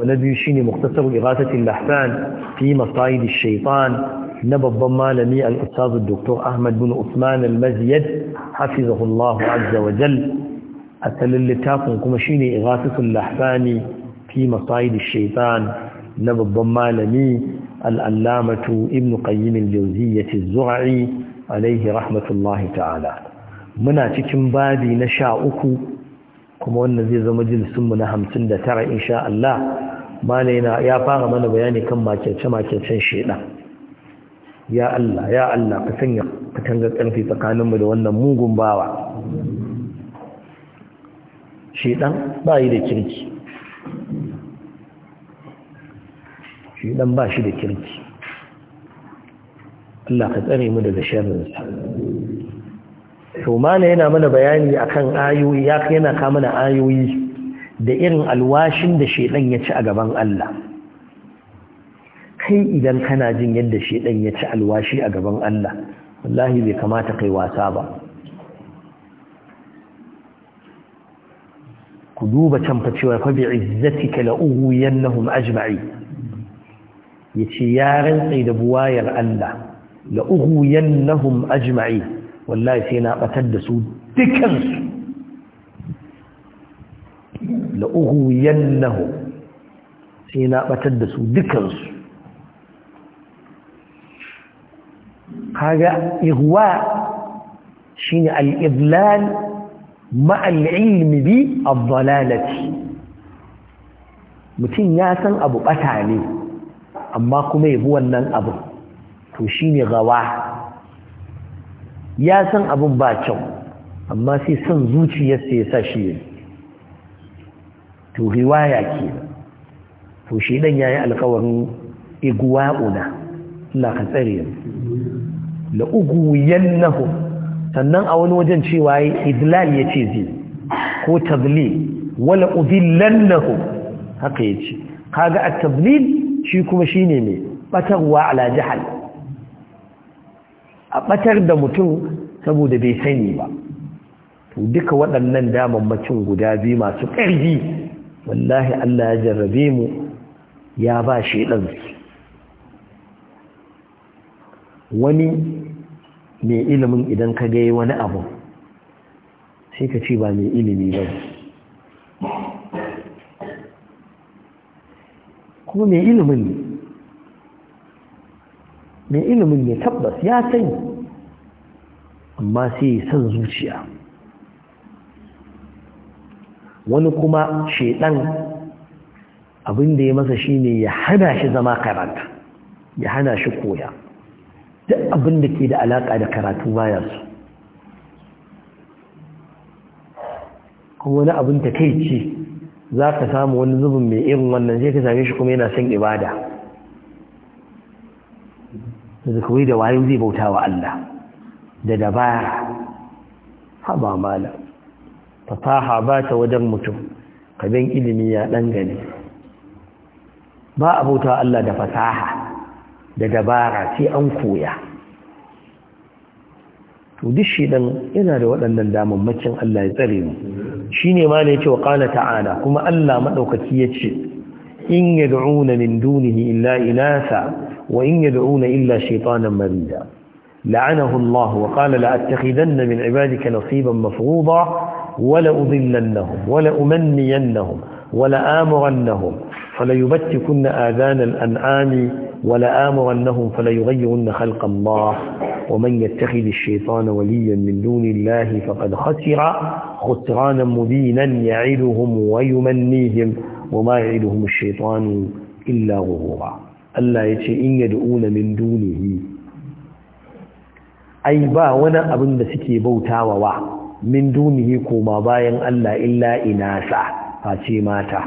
ونبي شيني مختصر إغاثة اللحفان في مصايد الشيطان نبض مالمي الأستاذ الدكتور أحمد بن أثمان المزيد حفظه الله عز وجل أتللتاكم كما شيني إغاثة اللحفان في مصايد الشيطان نبض مالمي الألامة ابن قيم الجوزية الزرعي عليه رحمة الله تعالى منا تكن نشاؤكم kuma wannan zai zama jilisinmu na hamsin da tara insha Allah malaina ya fara mana bayani kan makirce-makircen shaidan ya Allah ya Allah ka sanya katangar ƙarfi tsakaninmu da wannan mugun bawa shaidan ba yi da kirki shaidan ba shi da kirki Allah ka tsare mu daga sharrinsa to mana yana mana bayani akan ayoyi ya yana kama na ayoyi da irin alwashin da shedan ya ci a gaban Allah kai idan kana jin yadda shedan ya ci alwashi a gaban Allah wallahi bai kamata kai wasa ba ku duba can fa cewa fa bi'izzatika la'uwiyannahum ajma'i yace ya rantsai da buwayar Allah la'uwiyannahum ajma'i wallahi sai na batar da su dukansu la'uhuyannahu sai na batar da su dukansu kaga ihwa shine al-idlal ma'al ilmi bi ad-dalalati mutum ya san abu bata ne amma kuma yabi wannan abu to shine gawa ya san abin ba kyau amma sai son zuciyarsa ya sa shi yi to riwaya ke to shi dan yayi alƙawarin igwa'una Allah ka tsare la uguyannahu sannan a wani wajen cewa idlal yace zai ko tadlil wala udillannahu haka yace kaga at-tadlil shi kuma shine ne batarwa ala jahal a ɓatar da mutum saboda bai sani ba to duka waɗannan damammacin guda biyu masu ƙarfi wallahi Allah ya jarrabe mu ya ba shi ɗansu wani mai ilimin idan ka gai wani abu sai ka ce ba mai ilimi ba kuma mai ilimin ne mai ilimin ne tabbas ya sani amma sai ya san zuciya wani kuma shaidan abin da ya masa shine ya hana shi zama karatu ya hana shi koya duk abin da ke da alaka da karatu baya su kuma wani abin ta kai za ka samu wani zubin mai irin wannan sai ka same shi kuma yana son ibada da da wayo zai bauta wa Allah da dabara haba mala fasaha ba ta wajen mutum bin ilimi ya dan gani ba a bauta Allah da fasaha da dabara sai an koya to duk shi dan yana da waɗannan damammakin Allah ya tsare mu shine ma ne yace wa qala ta'ala kuma Allah madaukaki yace in yad'una min dunihi illa ilasa وإن يدعون إلا شيطانا مريدا لعنه الله وقال لأتخذن من عبادك نصيبا مفروضا ولأضلنهم ولأمنينهم ولآمرنهم فليبتكن آذان الأنعام ولآمرنهم فليغيرن خلق الله ومن يتخذ الشيطان وليا من دون الله فقد خسر خسرانا مبينا يعدهم ويمنيهم وما يعدهم الشيطان إلا غرورا Allah ya ce in una min dunihi ai ba wani abin da suke bautawa wa min dunihi koma bayan Allah illa inasa face mata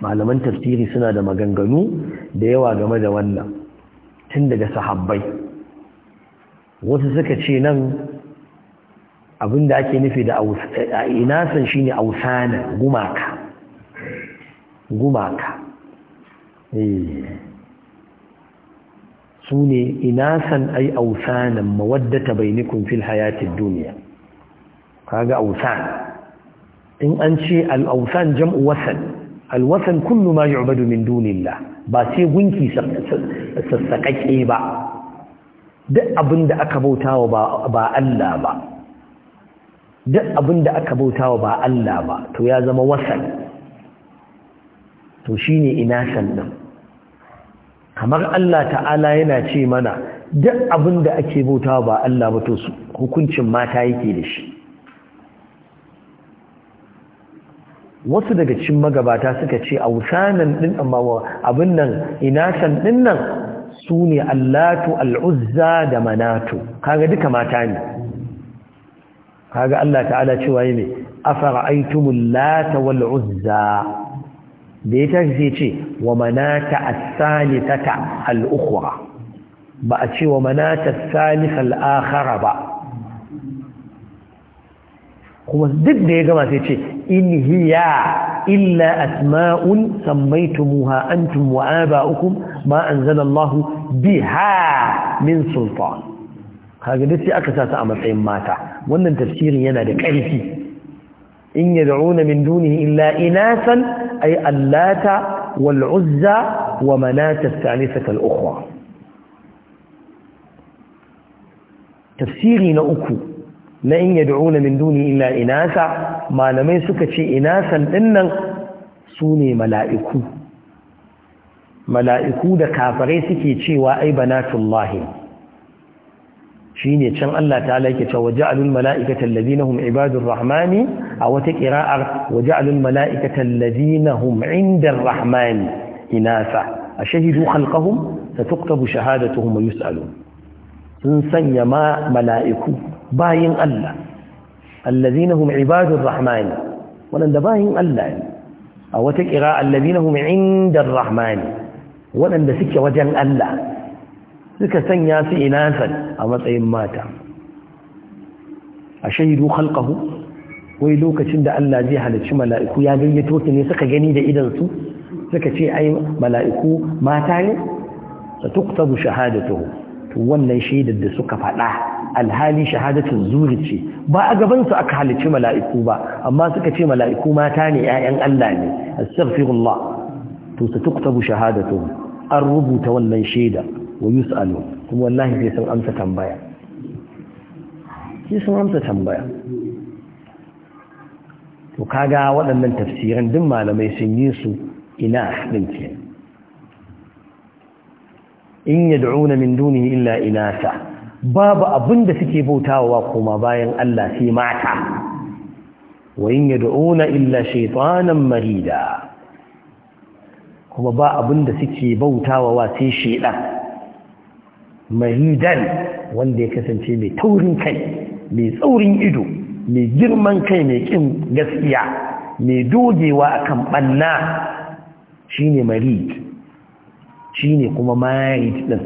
malaman tafsiri suna da maganganu da yawa game da wannan tun daga sahabbai wasu suka ce nan abin da ake nufi da inasan shine ausana gumaka gumaka Eh. su ne inasan ai ausanan mawaddata bainikun fil hayatin duniya kaga ausan in an ce al-ausan jam'u wasan alwasan kullu ma yu'badu min dunillah ba sai gunki sassaƙaƙe ba duk abin da aka bautawa ba Allah ba duk abin da aka bautawa ba Allah ba to ya zama wasan to shine inasan din kamar Allah ta'ala yana ce mana duk abin da ake bauta ba Allah ba to hukuncin mata yake da shi wasu daga cikin magabata suka ce wusanan din amma abin nan inatan din nan su ne allatu al'uzza da manatu kaga duka mata ne kaga Allah ta'ala cewa yi ne lata wal uzza da ya tashi ce wa manata a salisata al ba a ce wa manata as-salisa akhara ba kuma duk da ya gama sai ce in hiya illa asma'un sammaytumuha antum wa aba'ukum ma anzanallahu biha min sultan kaga duk sai aka sa su a matsayin mata wannan tafsirin yana da ƙarfi in yad'una min dunihi illa inasan ay allata wal uzza wa manat ath-thalithah al-ukhra tafsiri na uku na in yad'una min duni illa inasa malamai suka ce inasan dinnan sune mala'iku mala'iku da kafare suke cewa ai banatullahi ne can Allah ta ta'ala yake cewa waja'alul mala'ikata allazina hum ibadun rahmani a wata waje qira'ar waja'alul mala'ikata allazina hum indar rahmani inasa ashahidu shahada ta shahadatuhum wa yus'alun sun sanya ma mala'iku bayin Allah allazina hum ibadun rahmani wanda bayin Allah ne a wata qira'a allazina hum indar rahmani wanda suke wajen Allah suka sanya su inasan a matsayin mata a shahidu halkahu wai lokacin da Allah zai halarci mala'iku ya gayyato su ne suka gani da idansu su suka ce ai mala'iku mata ne ta tuktabu shahadatuhu to wannan shaidar da suka faɗa alhali shahadatun zuri ce ba a gaban su aka halarci mala'iku ba amma suka ce mala'iku mata ne ƴaƴan Allah ne astaghfirullah to ta tuktabu shahadatu an rubuta wannan shaidar wa yus'alu kuma wallahi sai sun amsa tambaya sai sun amsa tambaya to kaga waɗannan tafsiran duk malamai sun yi su ina din ke in yad'una min dunihi illa inata babu abin da suke bautawa kuma bayan Allah sai mata wa in yad'una illa shaytanan marida kuma ba abin da suke bautawa wa sai shaytan maridan wanda ya kasance mai taurin kai mai tsaurin ido mai girman kai mai kin gaskiya mai dogewa a ɓanna shi shine marid shi ne kuma marid ɗin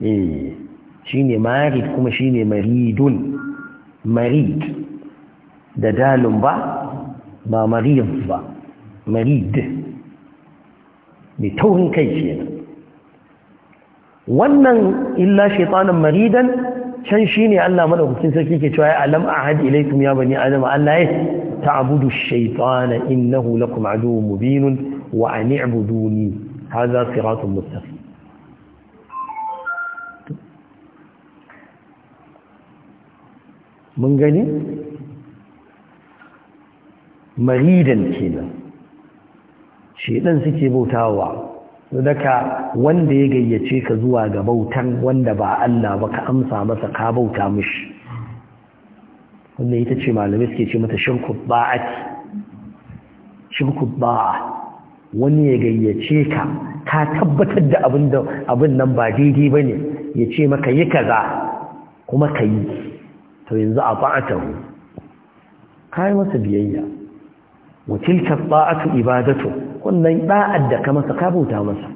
shi eh, shine marid kuma shi ne maridun marid da dalun ba ba marid ba marid mai taurin kai kenan wannan illa shaitanin maridan can shi ne Allah madaukakin sarki ke cewa alam ahad ilaikum ya bani adam Allah ya ta'budu shaytana innahu lakum aduwwun mubin wa an i'buduni hadha siratun mustaqim mun gani maridan kenan shedan suke bautawa daga wanda ya gayyace ka zuwa ga bautan wanda ba Allah ba ka amsa masa ka bauta mishi wanda ita ce malamai suke ce mata shirku ba'ati shirku ba'a wani ya gayyace ka ka tabbatar da abin nan ba daidai bane ya ce maka yi kaza kuma ka yi to yanzu a ka yi masa biyayya wa tilka ba'atu ibadatu wannan ba'ad da kamar masa ka bauta masa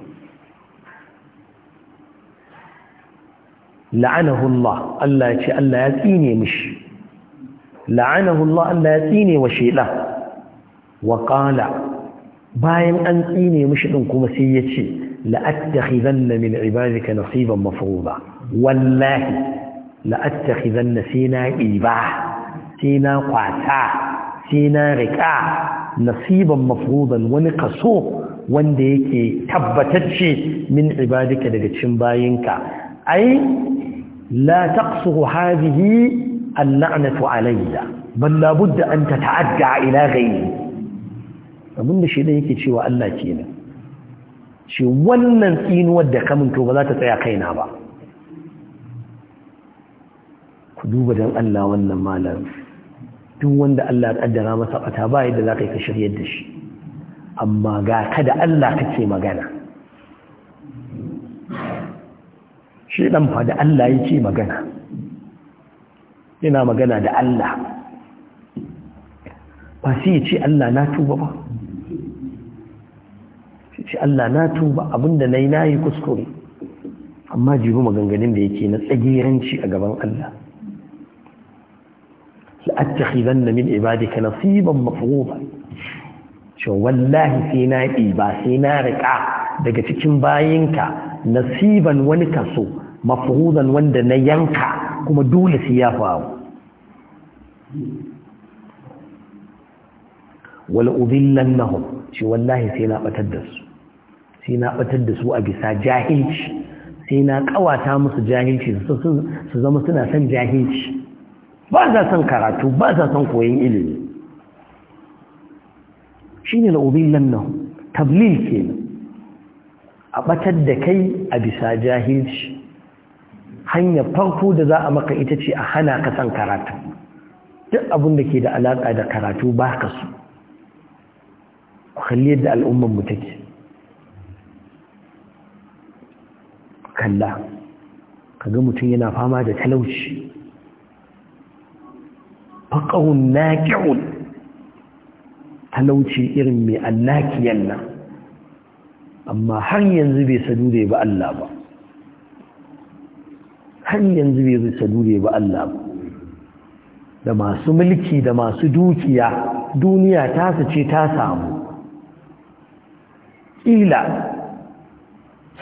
la'anahu Allah Allah ya ce Allah ya tsine mishi la'anahu Allah Allah ya tsine wa sheda wa qala bayan an tsine mishi din kuma sai ya ce la'attakhizanna min ibadika nasiban mafruḍa wallahi la'attakhizanna sina iba sina qata sina riqa nasiban mafrudan wani kaso wanda yake tabbatacce min ibadika daga cikin bayinka ai la taqsu hadhihi al-la'natu alayya bal la an tata'adda ila ghayri abinda shi da yake cewa Allah kenan shi wannan tsinuwar da kamun to ba za ta tsaya kaina ba ku duba dan Allah wannan malamin duk wanda Allah ya kaddara masa bata ba yadda za ka yi ka shiryar da shi amma ga kada Allah kake magana shi dan fa da Allah yake magana yana magana da Allah ba shi ya ce Allah na tuba ba ce Allah na tuba abinda na yi na yi kuskure amma jibi maganganun da yake na tsagiranci a gaban Allah لأتخذن من عبادك نصيبا مفروضا شو والله سينا daga cikin bayinka nasiban wani kaso mafrudan wanda na yanka kuma dole sai ya faru wal udillannahum shi sai na batar da su sai na batar da su a bisa jahilci sai na kawata musu jahilci su zama suna son jahilci ba za son karatu ba za son koyon ilimi Shi shine obin nan tablil kenan a ɓatar da kai a bisa jahilci hanyar farko da za a maka ita ce a hana ka san karatu duk abin da ke da alaƙa da karatu ba ka su kalli yadda al'ummanmu take kalla kaga mutum yana fama da talauci faƙahun naƙi'un talauci irin mai annakiyan nan amma har yanzu bai sadure ba Allah ba har yanzu bai sadure ba Allah ba da masu mulki da masu dukiya duniya tasa ce ta samu ƙila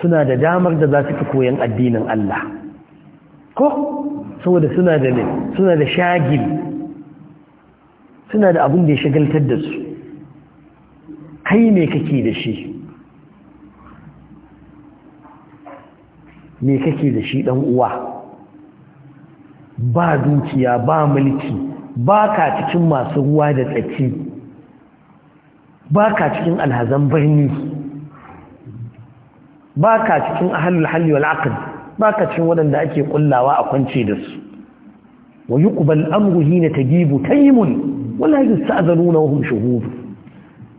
suna da damar da za su fi koyan addinin Allah ko saboda suna da shagil suna da abin da ya shagaltar da su kai me kake da shi me kake da shi dan uwa ba dukiya ba mulki ba ka cikin masu ruwa da tsaki ba ka cikin alhazan birni ba ka cikin ahalul halli wal aqd ba ka cikin waɗanda ake kullawa a kwance da su wa yuqbal amru hina tajibu taymun wala yasta'zanuna wa hum shuhud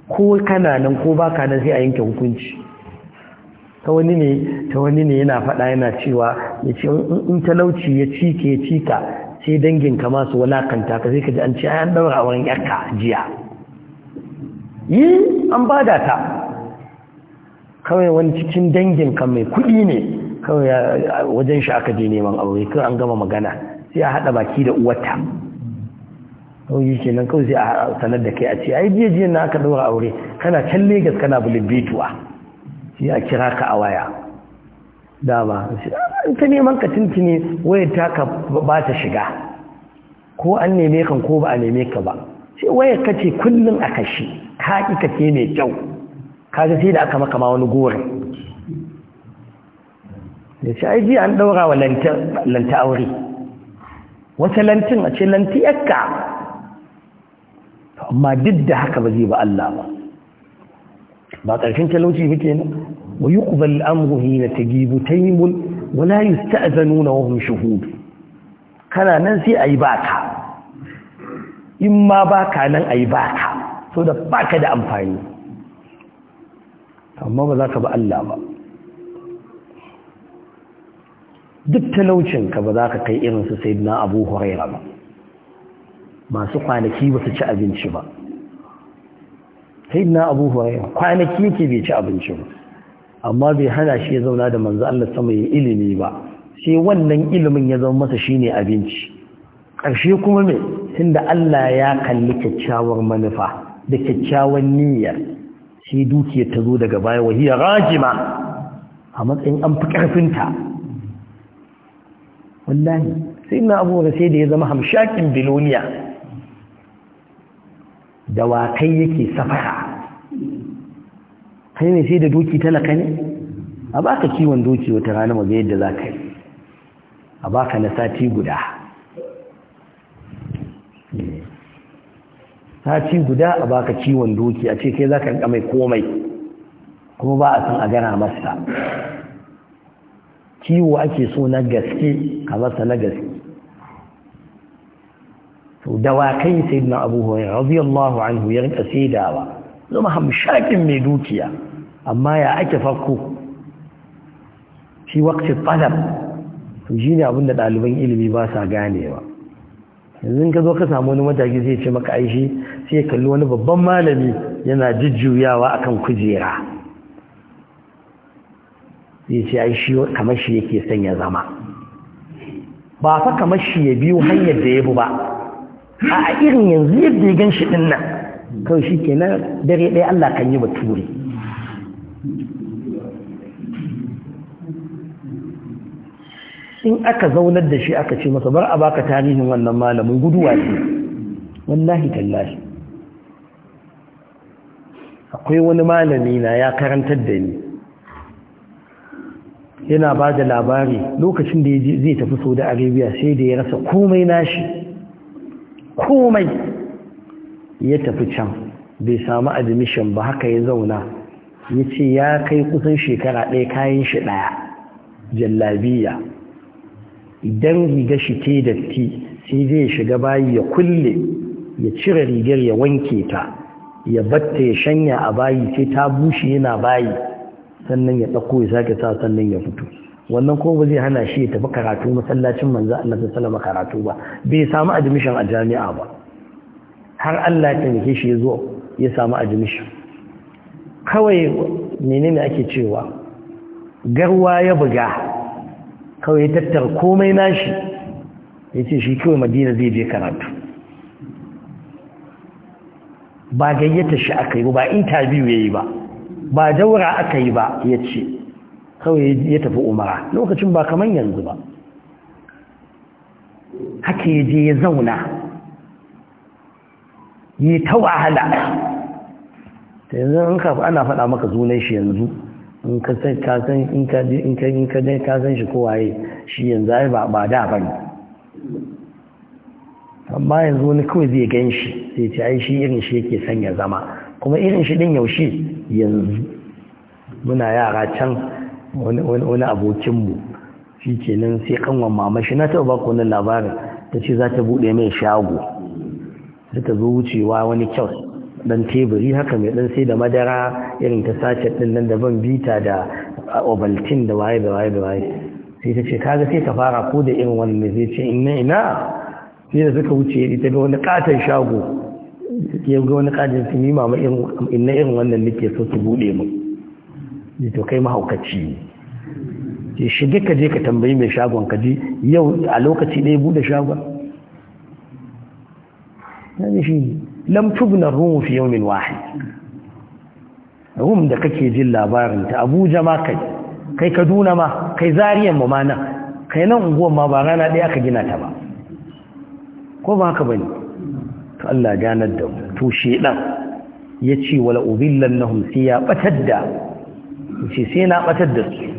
ko kana nan ko baka nan sai a yanke hukunci ta wani ne ta wani ne yana faɗa yana cewa ya ce in talauci ya cike ya cika sai dangin ka masu walakanta ka sai ka ji an ce an daura auren yarka jiya yi an bada ta kawai wani cikin dangin ka mai kuɗi ne kawai wajen shi aka je neman aure kawai an gama magana sai a haɗa baki da uwarta. nauyi ke nan kawai a sanar da kai a ce ai biya jiya na aka daura aure kana can Legas kana bulibituwa sai a kira ka a waya dama an ah, ta neman ka tuntuni wayar ta ka ba ta shiga ko an neme kan ko ba a neme ka ba sai wayar ka ce kullum a kashi ka ƙi ka ce mai kyau ka ga sai da aka maka ma wani gori da shi ai jiya an daura wa lanta aure wata lantin a ce lantiyarka amma duk da haka ba zai ba Allah ba ba ƙarshen talauci ba kenan wa yuqbal amru hina tajibu taymul wala yusta'zanuna wa hum shuhud kana nan sai ayi baka in ma baka nan ayi baka so da baka da amfani amma ba za ka ba Allah ba duk talaucinka ba za ka kai irin su sayyidina Abu Hurairah ba masu kwanaki ba su ci abinci ba sai na abu kwanaki yake bai ci abinci ba amma bai hana shi ya zauna da manzo Allah sama ya ilimi ba sai wannan ilimin ya zama masa shine abinci ƙarshe kuma me tunda Allah ya kalli kyakkyawar manufa da kyakkyawar niyyar sai dukiyar ta zo daga baya wahiya rajima a matsayin an fi ƙarfinta wallahi sai na abubuwa sai da ya zama hamshakin biloniya Da dawakai yake safara kai ne sai da doki talaka ne a baka kiwon doki wata rana mu ga yadda za ka yi a baka na sati guda sati guda a baka kiwon doki a ce kai za ka rika mai komai kuma ba a san a gana masa kiwo ake so na gaske ka masa na gaske to sai sayyidina abu hurairah radiyallahu anhu ya rinka wa zama hamshakin mai dukiya amma ya ake farko shi wakti talab to ji abin da ɗaliban ilimi ba sa ganewa yanzu ka zo ka samu wani mataki zai ce maka aishi sai kalli wani babban malami yana jujjuyawa akan kujera zai ce aishi kamar shi yake son zama ba fa kamar shi ya biyu hanyar da ya bu ba a irin yanzu yadda ya gan shi ɗin nan kawai shi ke nan dare ɗaya Allah kan yi bature in aka zaunar da shi aka ce masa bar a baka tarihin wannan malamin guduwa ce wallahi tallahi akwai wani malami na ya karantar da ni yana ba da labari lokacin da zai tafi saudi arabiya sai da ya rasa komai nashi komai ya tafi can bai samu admission ba haka ya zauna ya ce ya kai kusan shekara ɗaya kayan shi ɗaya jallabiya idan riga shi te datti sai zai shiga bayi ya kulle ya cire rigar ya wanke ta ya batta ya shanya a bayi sai ta bushe yana bayi sannan ya ɗauko ya sake sa sannan ya fito wannan ko ba zai hana shi ya tafi karatu masallacin manzo Allah sallallahu karatu ba bai samu admission a jami'a ba har Allah ya tanke shi yazo ya samu admission kawai menene ake cewa garwa ya buga kawai ya tattara komai nashi ya ce shi kawai madina zai je karatu ba gayyata shi aka yi ba interview yayi ba ba daura aka yi ba yace kawai ya tafi umara lokacin ba kaman yanzu ba haka ya je ya zauna yi ta wahala ta yanzu an kafa ana faɗa maka zunai shi yanzu in ka san dai ka shi ko waye shi yanzu ai ba ba da bane amma yanzu wani kawai zai gan shi sai ce ai shi irin shi yake sanya zama kuma irin shi din yaushe yanzu muna yara can wani abokinmu shi ke nan sai kanwa mama shi na taɓa ba ku wani labarin ta ce za ta buɗe mai shago da ta zo wucewa wani kyau dan teburi haka mai dan sai da madara irin ta sace ɗin nan da ban bita da obaltin da waye da waye da waye sai ta ce kaga sai ka fara ko da irin wani wannan zai ce ina ina sai da suka wuce ita ga wani katon shago ya ga wani katon su ni mama ina irin wannan nake so su buɗe mu to kai mahaukaci ne shige ka je ka tambayi mai shagon ka ji yau a lokaci ɗaya buɗe shagon na shi lamtubnar rumu fi yau min rum da kake jin labarin ta abuja ma kai kai kaduna ma kai zariyan mu ma nan kai nan unguwan ma ba rana ɗaya aka gina ta ba ko ba haka bane to Allah ganar da mu to shedan ce wala ubillannahum sai ya batar da sai na batar da su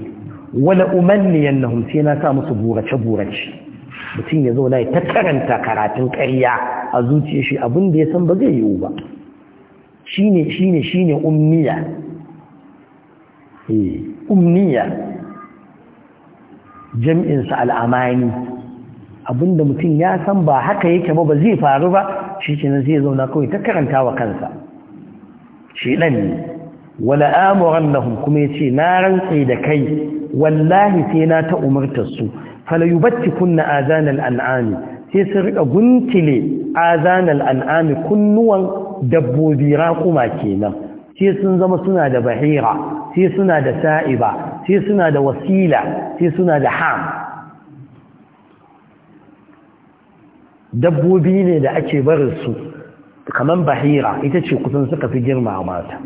Wani wala umanniyannahum sai na sa musu burace burace mutum ya zauna ya ta karanta karatun ƙarya a zuciya shi abin da ya san ba zai yiwu ba shine shine shine umniya eh umniya jam'in sa al'amani abinda mutum ya san ba haka yake ba ba zai faru ba shi kenan zai zauna kawai ta karanta wa kansa shi dan ne wala amurannahum kuma yace na rantsi da kai wallahi sai na ta umartar su falayubatti kunna azanal an'ami sai sun riƙa guntile azanal an'ami kunnuwan dabbobi raƙuma kenan sai sun zama suna da bahira sai suna da sa'iba sai suna da wasila sai suna da ham dabbobi ne da ake barin su kamar bahira ita ce kusan suka fi girma a mata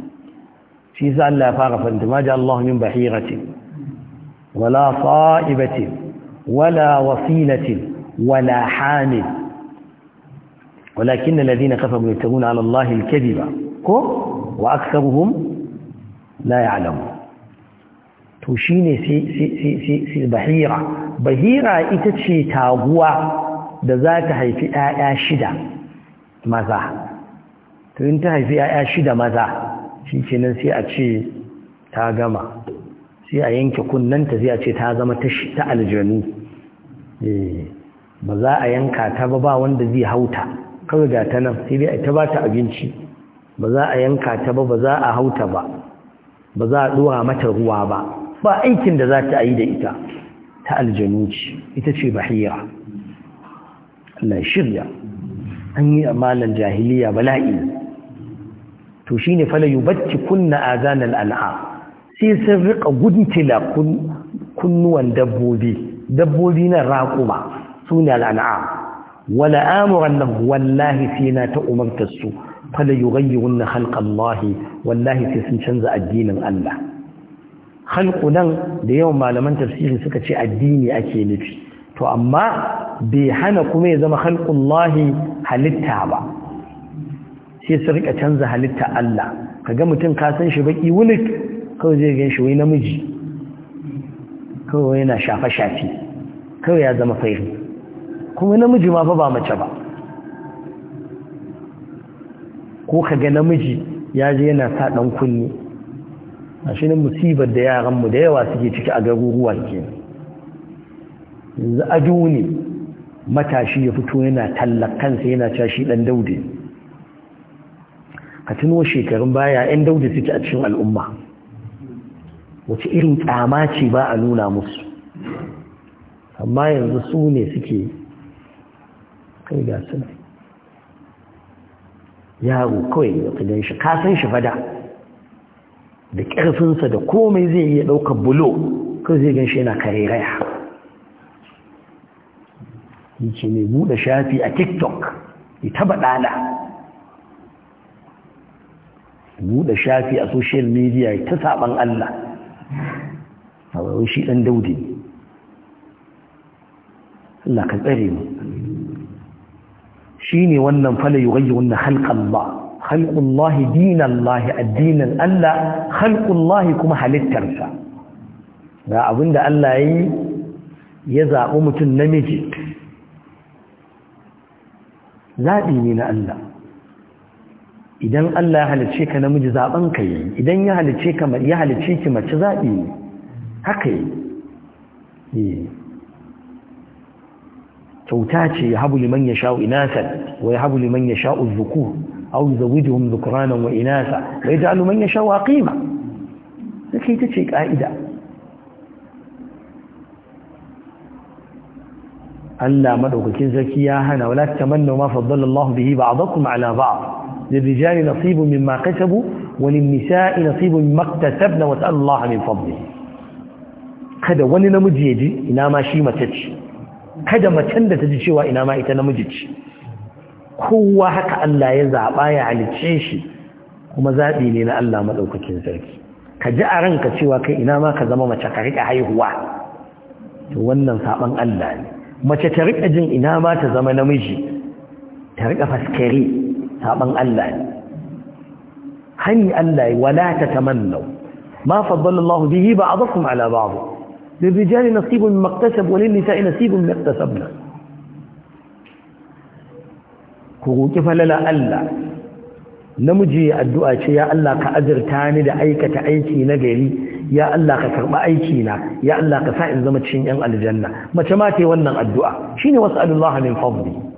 shi za Allah ya fara fanta da ja Allah min wala sa'ibatin wala wasilatin wala hamil walakin alladhina kafaru yatabuna ala allahi alkadiba ko wa aktharuhum la ya'lamun to shine sai sai bahira bahira ita ce taguwa da za ta haifi 'ya'ya shida maza to in ta haifi 'ya'ya shida maza shi kenan sai a ce ta gama sai a yanke kunnanta zai a ce ta zama ta aljanu eh, ba za a yanka ta ba ba wanda zai hauta kawai ga ta nan sai dai ta ba ta abinci ba za a yanka ta ba ba za a hauta ba ba za a ɗora mata ruwa ba ba aikin da za ta yi da ita ta aljanu ce ita ce bahira Allah shirya an yi amalan jahiliya bala'i to shine fala yubatti kunna azanal al'a sai sun riƙa guntila kunnuwan dabbobi dabbobi na raƙuma su ne al'an'am wala amuran nan wallahi sai na ta umartar su fala yughayyirun na Lahi. wallahi sai sun canza addinin Allah halƙu nan da yawan malaman tafsirin suka ce addini ake nufi to amma bai hana kuma ya zama Lahi halitta ba sai su riƙa canza halitta Allah Ka ga mutum ka san shi baƙi wulik kawai zai gan shi wai namiji kawai yana shafe-shafe kawai ya zama fairu kuma namiji ma fa ba mace ba ko ka ga namiji ya je yana sa ɗan kunni a shi ne musibar da yaranmu da yawa suke ciki a garuruwa ke yanzu ajo ne matashi ya fito yana tallakansa yana cashi dan ɗan daudi ka shekarun baya 'yan daudi suke a cikin al'umma wace irin kyama ce ba a nuna musu amma yanzu su ne suke kai ga suna yaro kawai ya kudin shi kasan shi fada da ƙarfinsa da komai zai iya ɗaukar bulo kai zai ganshi yana kare raya yake mai buɗe shafi a tiktok ya taba ɗana buɗe shafi a social media ta saɓan Allah a wai shi ɗan daudi ne Allah ka tsare mu shi ne wannan fala yi gaji wannan halƙallah halƙullah dinallahi addinin Allah halƙullah kuma halittarsa ga abinda Allah ya yi ya zaɓi mutum namiji zaɓi ne na Allah idan Allah ya halicce ka namiji zaben ka yi idan ya halicce ka mai ya halicce ki mace zabi haka yi kyauta ce ya habu liman ya sha'u inasan wa ya habu liman ya sha'u zukur aw yuzawijuhum dhukranan wa inasa wa yaj'alu man yasha'u aqima sai ta ce ka'ida Allah madaukakin zaki ya hana wala tamannu ma faddala Allah bihi ba'dakum ala ba'd للرجال نصيب مما كسبوا وللنساء نصيب مما اكتسبن وسأل الله من فضله kada wani namiji ya ji ina ma shi mace ce kada macen da ta ji cewa ina ma ita namiji ce kowa haka Allah ya zaɓa ya halicce shi kuma zaɓi ne na Allah maɗaukakin sarki ka ji a ranka cewa kai ina ma ka zama mace ka riƙa haihuwa to wannan saɓan Allah ne mace ta riƙa jin ina ma ta zama namiji ta riƙa faskare saban Allah ne hani Allah ya wala ta tamannau ma faddala Allah bihi ba'dakum ala ba'd للرجال نصيب مما اكتسب وللنساء نصيب مما اكتسبنا كوكي فللا ألا namiji addu'a ce ya Allah ka azurta ni da aikata aiki na gari ya Allah ka aiki na ya Allah ka sa in zama cikin yan aljanna mace ma ce wannan addu'a shine was'alullahi min fadli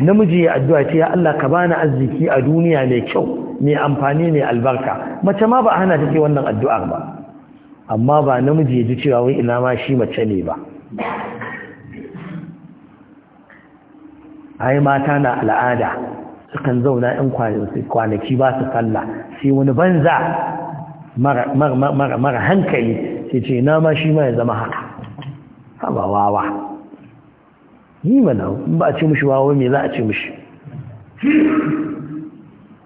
namiji ya addu'a ce ya Allah ka bani arziki a duniya mai kyau mai amfani mai albarka mace ma ba hana take wannan addu'ar ba amma ba namiji ya ji cewa wai ina ma shi mace ne ba ai mata na al'ada sukan zauna in kwanaki ba su sallah sai wani banza mara hankali sai ce ina ma shi ma ya zama haka ba wawa yi mana ba a ce mishi wawa me za a ce mushi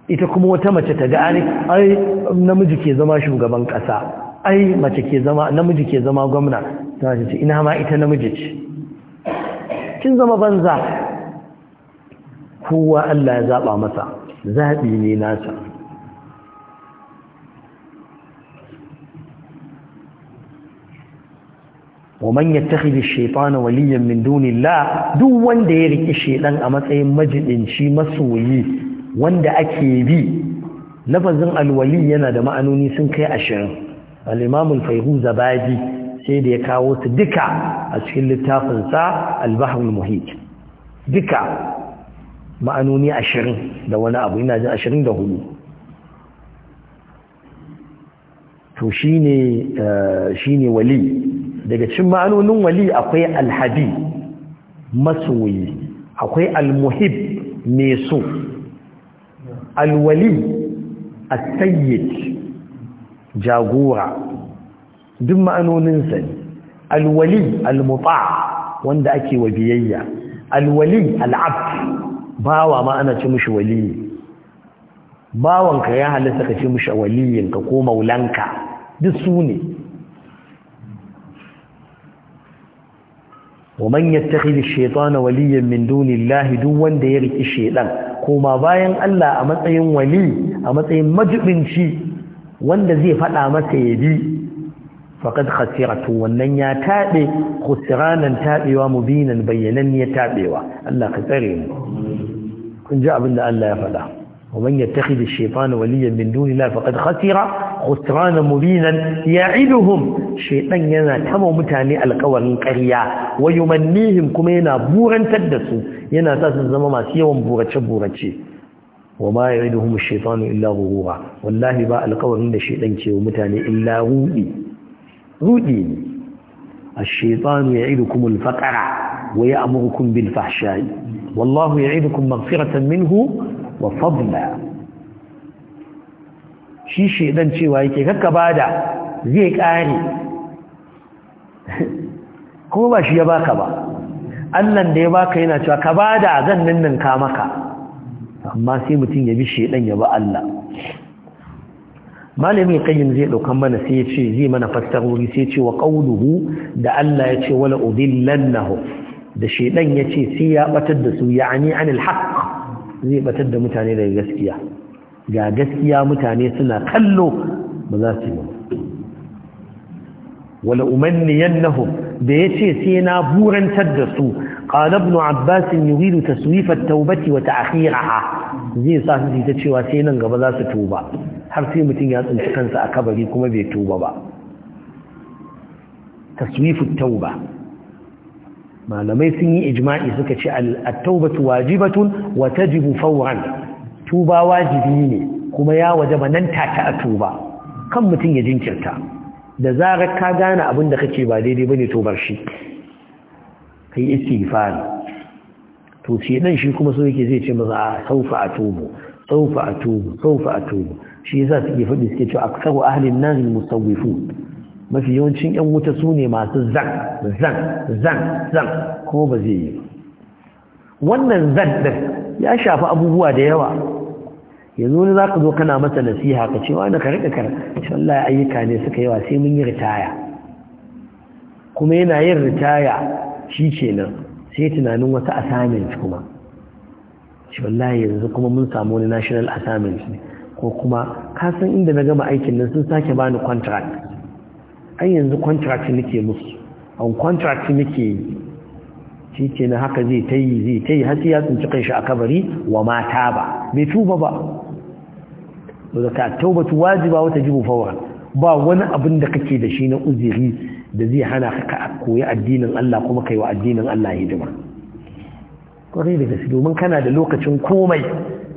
ita kuma wata mace ta gane ai namiji ke zama shugaban kasa ai mace ke zama namiji ke zama gwamna ta ce ina ma ita namiji ce kin zama banza kowa Allah ya zaba masa zabi ne nasa wa man yattakhidhi ash-shaytana waliyan duk wanda ya riki shedan a matsayin majidinci masoyi wanda ake bi lafazin alwali yana da ma'anoni sun kai ashirin al-imam al-fayhuz zabadi sai da ya kawo su duka a cikin littafin sa al-bahr al-muhit duka ma'anoni ashirin da wani abu ina jin ashirin da hudu to shine shine wali daga cikin ma'anonin wali akwai alhabi masoyi akwai almuhib mai so alwali asayyid jagora duk ma'anoninsa ne alwali almuta wanda ake wa biyayya alwali al'abd bawa ma ana ci mushi wali bawanka ya halitta ka ce mushi waliyin ka ko maulanka duk su ne ومن يتخذ الشيطان وليا من دون الله دون ديرك الشيطان كما باين ألا أمتعين ولي أمتعين مجبن شي وان ذي فتا مسيدي فقد خسرت ونن يتابي خسرانا تابي ومبينا بينا يتابي الله كترين كن جاء بنا ألا يفعل ومن يتخذ الشيطان وليا من دون الله فقد خسر خسران مبينا يعدهم شيطان ينا كما متاني القول القرية ويمنيهم كما ينا بورا تدسوا ينا تاس الزمام سيوا بورتش بورتش وما يعدهم الشيطان إلا غرورا والله با القول إن الشيطان كيو متاني إلا رودي رودي الشيطان يعدكم الفقر ويأمركم بالفحشاء والله يعدكم مغفرة منه وفضلا shi shaidan cewa yake kakka bada zai kare ko ba shi ya baka ba Allah da ya baka yana cewa ka bada zan ninninka maka amma sai mutum ya bi shaidan ya ba Allah malamin qayyim zai daukan mana sai ya ce zai mana fassarori sai ya ce wa qawluhu da Allah ya ce wala udillannahu da shedan ya ce sai ya batar da su yani anil haqq zai batar da mutane daga gaskiya ga gaskiya mutane suna kallo ba za su yi wala umanniyannahum da yace sai na burantar da su qala ibn abbas yuridu taswif at-taubati wa ta'khiraha zai sa su ta cewa sai nan gaba za su tuba har sai mutum ya tsinci kansa a kabari kuma bai tuba ba taswif at-tauba malamai sun yi ijma'i suka ce at-taubatu wajibatun wa tajibu fawran tuba wajibi ne kuma ya waje ba nan take a tuba kan mutum ya jinkirta da zarar ka gane abin da kake ba daidai bane to bar shi kai istighfar to shi dan shi kuma so yake zai ce maza a ah, saufa atubu saufa atubu saufa tubu shi yasa suke faɗi suke cewa aksaru ahlin nar musawwifun mafi yawancin yan wuta su ne masu zan zan zan zan kuma ba zai yi wannan zan din ya shafi abubuwa da yawa yanzu wani za ka zo kana masa nasiha ka ce wani ka rika kar shi Allah ayyuka ne suka yawa sai mun yi ritaya kuma yana yin ritaya shi nan sai tunanin wata assignment kuma shi wallahi yanzu kuma mun samu wani national assignment ne ko kuma ka san inda na gama aikin nan sun sake bani contract an yanzu contract nake musu an contract nake yi shi na haka zai ta yi zai ta yi hasi ya tsinci shi a kabari wa mata ba bai tuba ba to da ka taubatu wajiba wata jibu fawa ba wani abin da kake da shi na uziri da zai hana ka koyi addinin Allah kuma kai wa addinin Allah hidima kwarai da gaske domin kana da lokacin komai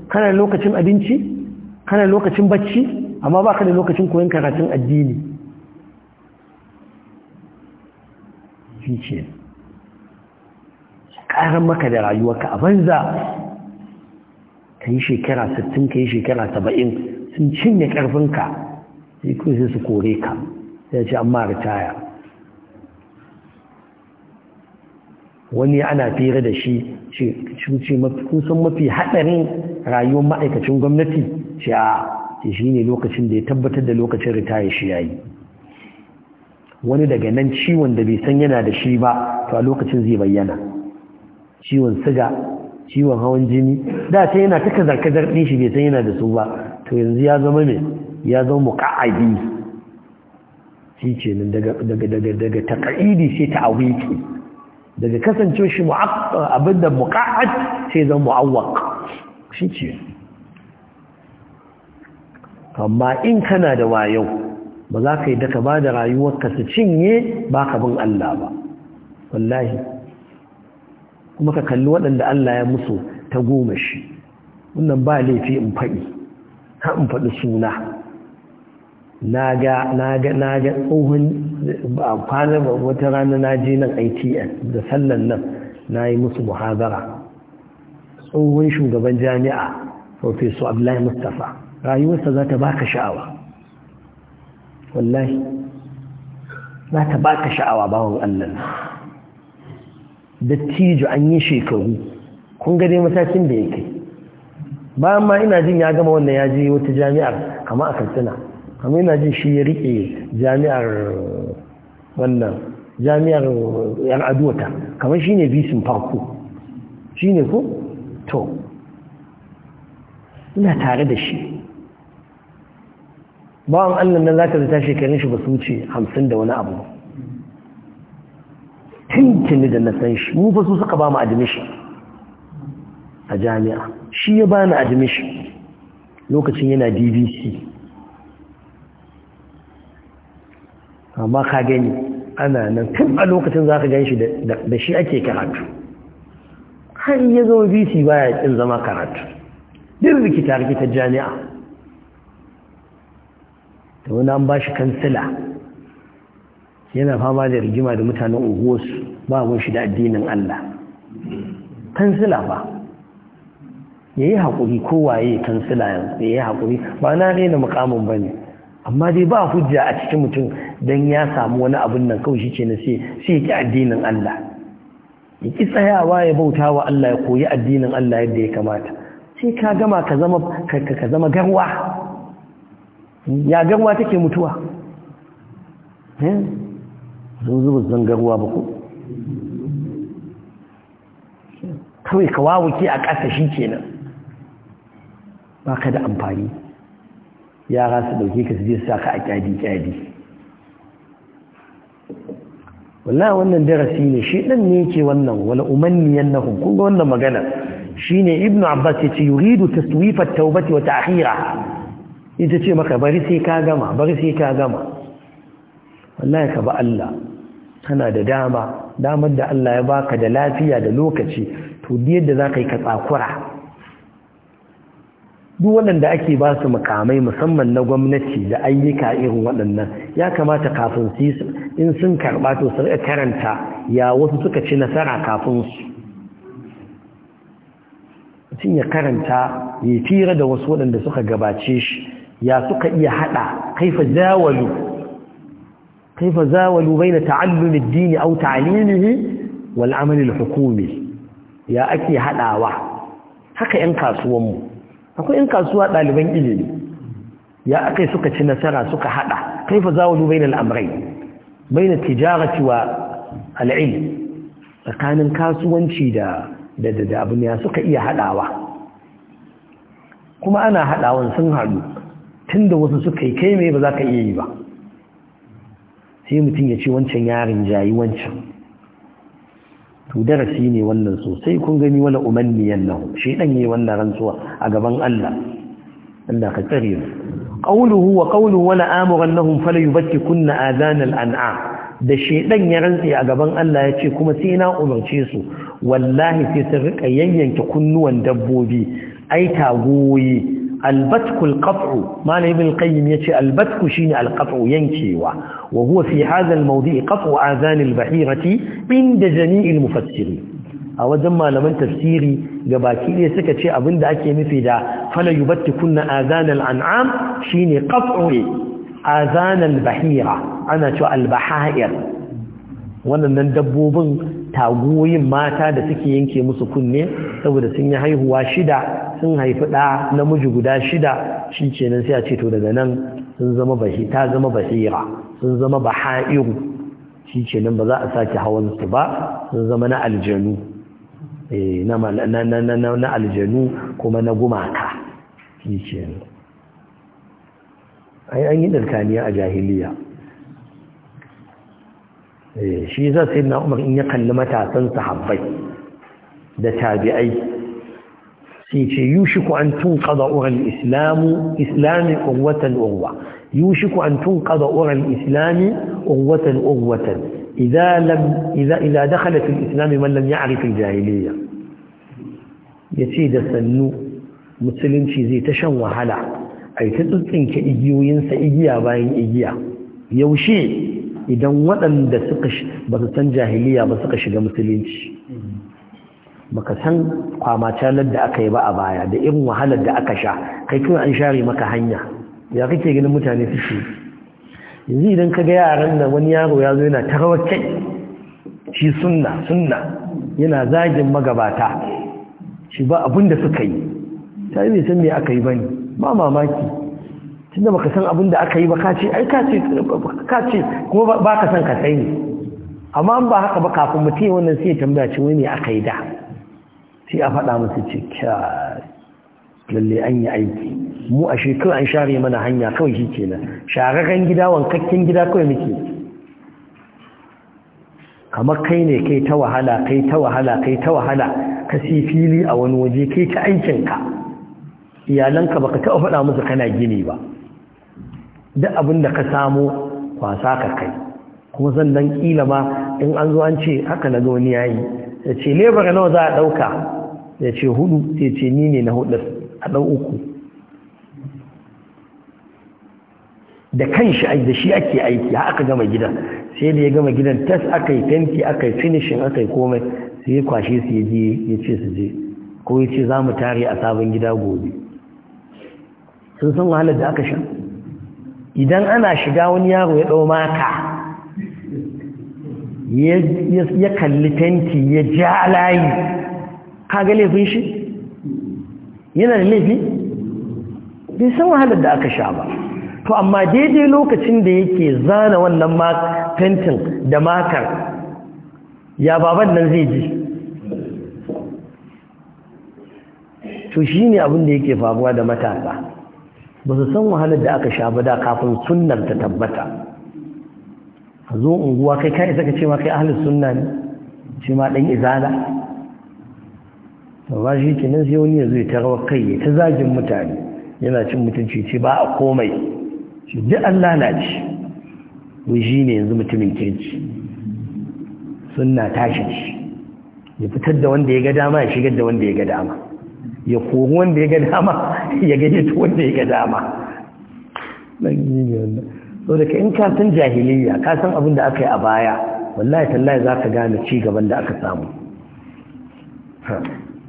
kana da lokacin abinci kana da lokacin bacci amma baka da lokacin koyon karatun addini shi ce maka da rayuwarka a banza ka yi shekara 60 ka yi shekara 70 sun cinye ƙarfinka sai kun sai su kore ka ya ce amma ritaya wani ana fira da shi ce kusan mafi haɗarin rayuwar ma'aikacin gwamnati ce a shi ne lokacin da ya tabbatar da lokacin ritaya shi ya yi wani daga nan ciwon da bai san yana da shi ba to a lokacin zai bayyana ciwon siga ciwon hawan jini da ta yana ta kazar-kazar ɗin shi bai san yana da su ba to yanzu ya zama ne ya zama muqa'idi shi ce nan daga taƙa'idi sai ta taqidi daga kasance shi abinda muqa'ad sai zama mu'awwaq shi ce amma in kana da wayo ba za ka yi da ka ba da rayuwarka su cinye ba ka bin Allah ba wallahi kuma ka kalli waɗanda Allah ya musu ta goma shi wannan ba laifi in faɗi har in faɗi suna na ga na ga na ga tsohon a kwanar wata rana na je nan ITN da sallan nan na yi musu muhazara tsohon shugaban jami'a Profesor Abdullahi Mustapha rayuwarsa za ta baka sha'awa wallahi za ta baka sha'awa bawan Allah dattijo an yi shekaru kun ga matakin da ya kai bayan ma ina jin ya gama wannan ya je wata jami'ar kama a katsina kama ina jin shi ya rike jami'ar wannan jami'ar yan aduwata kama shi ne bisin farko shi ne ko to ina tare da shi bawan allah nan za ka zata shekarun shi ba su wuce hamsin da wani abu tun kini da na san shi mu fa su suka ba mu admission a jami'a shi ya bani admission lokacin yana dbc amma ka gani ana nan tun a lokacin za ka ganshi da shi ake karatu har ya zama bc baya ƙin zama karatu duk rikita rikitar jami'a da wani an ba shi kansila yana fama da rigima da mutanen unguwarsu ba mun shi da addinin allah kansila ba ya yi haƙuri kowaye kansila yanzu ya yi haƙuri ba na na mukamin ba ne amma dai ba hujja a cikin mutum don ya samu wani abin nan kawai shi ce na sai ya addinin Allah ya ƙi tsayawa ya bauta wa Allah ya koyi addinin Allah yadda ya kamata sai ka gama ka zama garwa ya garwa take mutuwa zuzu zan garwa ba ku kawai ka wawuke a ƙasa shi kenan ba ka da amfani yara su dauke ka su je su ka a kyadi kyadi wallahi wannan darasi ne shi dan ne yake wannan wala umanniyannahum kun ga wannan magana shine ibnu abbas yace yuridu taswifa at-taubati wa ta'khira ita ce maka bari sai ka gama bari sai ka gama wallahi ka ba Allah kana da dama damar da Allah ya baka da lafiya da lokaci to yadda zaka yi ka tsakura duk waɗanda ake ba su mukamai musamman na gwamnati da ayyuka irin waɗannan ya kamata kafin su in sun karɓa to su karanta ya wasu suka ci nasara kafin su mutum ya karanta ya fira da wasu waɗanda suka gabace shi ya suka iya haɗa kaifa zawalu kaifa zawalu baina ta'allumi ad-din aw ta'limihi wal amal hukumi ya ake haɗawa haka 'yan kasuwanmu akwai in kasuwa ɗaliban ilimi ya yi suka ci nasara suka haɗa kaifa na bainal bai na tijarati wa al’il tsakanin kasuwanci da abu da suka iya haɗawa kuma ana haɗawan sun haɗu tun da wasu suka yi kai mai ba za ka iya yi ba sai mutum ya ce wancan yarin jayi wancan to darasi ne wannan sosai kun gani wala umanniyan nan. shi dan yi wannan rantsuwa a gaban Allah Allah ka tsare mu qawluhu wa qawluhu wala amurannahum falyubtikunna adhan al-an'am da shedan ya rantsi a gaban Allah ya ce kuma sai na umarce su wallahi sai su rika yayyanke kunnuwan dabbobi ai tagoyi albatkul qat'u malai ibn qayyim yace albatku shine alqat'u yankewa wa huwa fi hadha almawdi' qat'u azan albahirati inda jami' almufassirin a wajen malaman tafsiri gabaki ne suka ce abinda ake nufi da fala yubattikunna azan al'an'am shine qat'u azan albahira ana cewa albahair wannan dabbobin taguwoyin mata da suke yanke musu kunne saboda sun yi haihuwa shida sun haifi ɗa namiji guda shida shi kenan sai a ce to daga nan sun zama bahi ta zama basira sun zama baha'iru shi kenan ba za a sake hawan su ba sun zama na aljanu eh, na aljanu kuma na gumaka shi kenan an yi dalkaniya a jahiliya Eh, shi zai sai na umar in ya kalli matasan sahabbai da tabi'ai sai ce yushiku an tun kaza uran islamu islami urwatan urwa yushiku an tun kaza uran islami urwatan urwatan idza da idza idza dakhala ya islam man lam ya'rif al da sannu musulunci zai ta shan wahala ai ta tsinke igiyoyinsa igiya bayan igiya yaushe idan waɗanda suka ba su san jahiliya ba suka shiga musulunci baka san kwamacalar da aka yi ba a baya da irin wahalar da aka sha kai kuma an share maka hanya ya kake ganin mutane suke yanzu idan ka ga yaran da wani yaro ya zo yana rawar kai shi sunna sunna yana zagin magabata shi ba abin suka yi Ta yi mai san me aka yi ba ne? ba mamaki tunda baka san abin da aka yi ba kace ai kace kace kuma ba ka san ka sani amma an ba haka ba kafin mutum wannan sai ya tambaya ce wani aka yi da sai a faɗa musu ce lalle an yi aiki mu a shekaru an share mana hanya kawai shi kenan shararren gida wankakken gida kawai muke kamar kai ne kai ta wahala kai ta wahala kai ta wahala ka si fili a wani waje kai ta aikinka iyalanka baka taɓa faɗa musu kana gini ba duk abin da ka samu kwasa ka kai kuma sannan kila ma in an zo an ce haka na wani yayi ya ce lebara nawa za a ɗauka ya ce hudu ya ce ni ne na hudu a ɗau uku da kan shi da shi ake aiki ya aka gama gidan sai da ya gama gidan tas aka yi fenti aka yi finishin aka yi komai sai ya kwashe su ya je ya ce su je ko ya ce za mu tare a sabon gida gobe sun san wahalar da aka sha idan ana shiga wani yaro ya ɗau maka ya kalli fenti ya ja layi kaga laifin shi yana da laifi bai san wahalar da aka sha ba to amma daidai lokacin da yake zana wannan fentin da makar ya baban nan zai ji to shi ne abin da yake faruwa da matasa ba su san wahalar da aka sha ba da kafin sunnar ta tabbata a zo unguwa kai kai ka ce ma kai ahlus sunna ne ce ma dan izala to ba shi nan sai wani ya zo ya tarawar kai ya ta zagin mutane yana cin mutunci ce ba a komai shi duk Allah na wuji ne yanzu mutumin kirki sunna tashi ya fitar da wanda ya ga dama ya shigar da wanda ya ga dama ya kori wanda ya ga dama ya gaje ta wanda ya ga dama so da ka in ka san jahiliya ka san abin da aka yi a baya wallahi tallahi za ka gane ci gaban da aka samu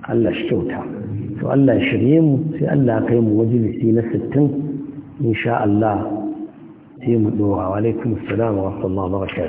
Allah shi kyauta to Allah ya shirye mu sai Allah ya kai mu majalisi na 60 insha Allah sai mu dora wa alaikum assalam wa rahmatullahi wa barakatuh